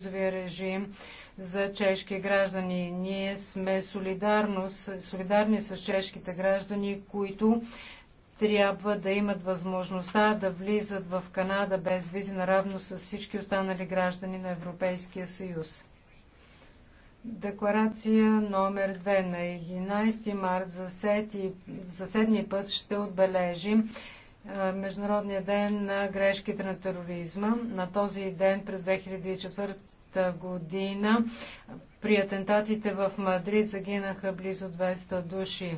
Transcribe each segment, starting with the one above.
визовия режим за чешки граждани. Ние сме солидарни с чешките граждани, които трябва да имат възможността да влизат в Канада без визи, наравно с всички останали граждани на Европейския съюз. Декларация номер 2 на 11 март за, седми път ще отбележим е, Международния ден на грешките на тероризма. На този ден през 2004 година при атентатите в Мадрид загинаха близо 200 души.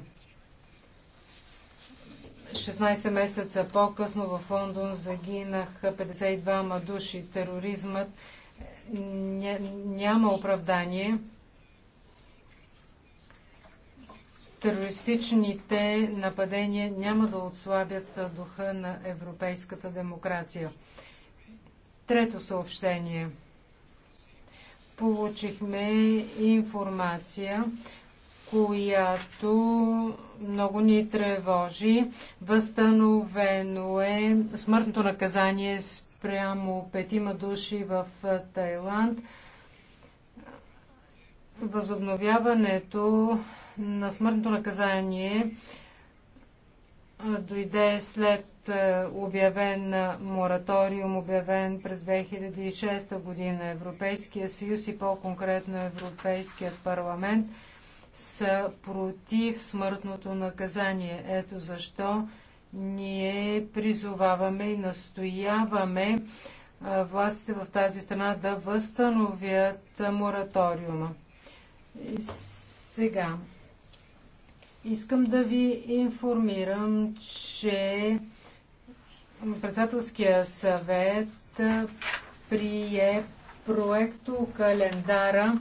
16 месеца по-късно в Лондон загинаха 52 души. Тероризмът няма оправдание. терористичните нападения няма да отслабят духа на европейската демокрация. Трето съобщение. Получихме информация, която много ни тревожи. Възстановено е смъртното наказание спрямо петима души в Тайланд. Възобновяването на смъртното наказание дойде след обявен мораториум, обявен през 2006 година. Европейския съюз и по-конкретно Европейският парламент са против смъртното наказание. Ето защо ние призоваваме и настояваме властите в тази страна да възстановят мораториума. Сега, Искам да ви информирам, че председателския съвет прие проекто календара